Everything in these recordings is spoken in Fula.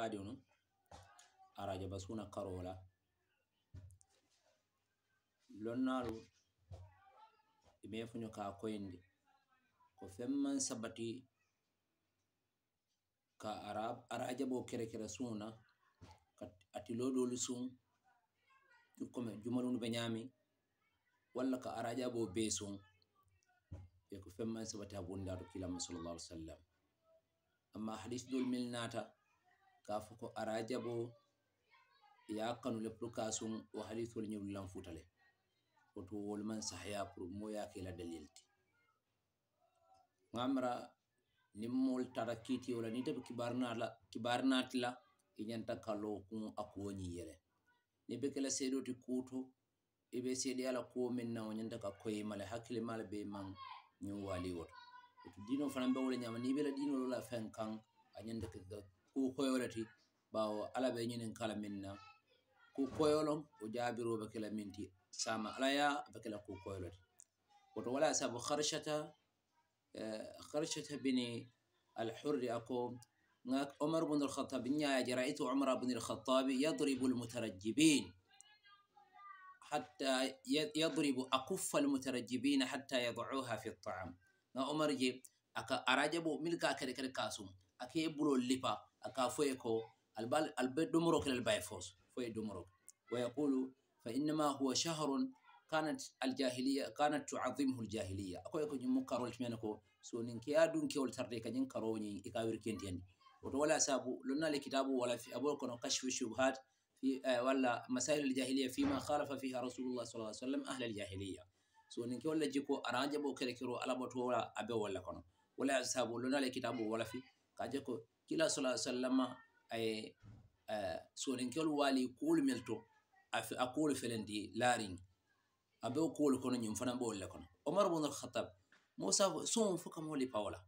badinu araja basuna karola lonnaru imefuño e ka koyindi ko femman sabati ka arab arajabo kere kere suna ati lodolu sun ukome jumalunu be ñami walla ka arajabo be sun ɓe ko femman sabati ha bundaru kilama sallallah alih wa sallam amma hadis dol milnata kafo ko araja bo yakanu leppru kasum o halitol ñirulan futale woto wol man sahaya pour mo yakela dalilti gamra nimmol tara kiti wala ni tabi kibar nati la iñanta kalo kun akuwoñi yere ni be kela seedoti kuto ibe seedi ala kuwo min na o ñanta ka koye male hakkile mala be man ñin wali woto woto dino fana be wola ñama ni bela dinololafen kan a ñanta ka ku koyole ti ɓawo ala ɓe ñinin kala min ku koyolon o jaabiroɓe kela min ti sama alaya aɓe kela ku koyolo ti woto wala sabu harshata harshata bini alhurri ako هناك عمر بن الخطاب نياجي رأيت عمر بن yadribu يضرب المترجبين حتى يضرب أكف المترجبين حتى يضعوها في الطعام عمر جي أراجبو ملكا كركر كاسوم ake bulol lipa aka foye ko albe domorokelal bay fos foye domorok wa yaqulu fa innama huwa shahrun kanat aljahiliya kanat tuadimhu aljahiliya akoye ko ñum mo karol timene ko sonin keya dunkewol tarde kañin karowoñi ika e wirkenti andi woto wala saabu lonnale kitabu wala abol kono kashfe shubhat eh, walla masail aljahiliya fima halafa fiha rasulullah sa ah sallam ahla aljahiliya sonin kewol le jikko aranjaɓo kelekiro alaɓoto wala abe walla kono wala saabu lonnale kitabu walafi kaje ko kila sala sallama ay eh, uh, eh, soninkel wali kuolu mel to a kuolu felendi laariñ a be kuolu kono ñum fana bo le kono omar bnu alkhatab mo sa son fo kamo li pawola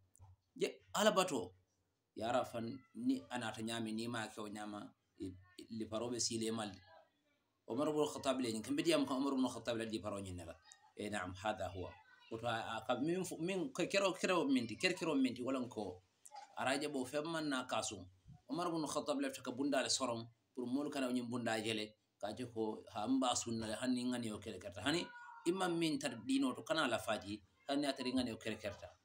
je alabato yara fan ni anata ñami ni ma kew ñama li paroɓe sile malde omar bnu alkhatab leñi kambe diyam kam omar bnu alkhatab la liparo ñinela e eh, nam hada huwa oto min kerokerominti kerkero minti walanko araje bo femman na kasum omar bunu khatab lefta ka bundale sorom pour molu kana ñin bunda jele kaje ko ha mba sunna le hanni ngani o kere kerta hani imam min tar dino to kana la faji hanni atari ngani o kere kerta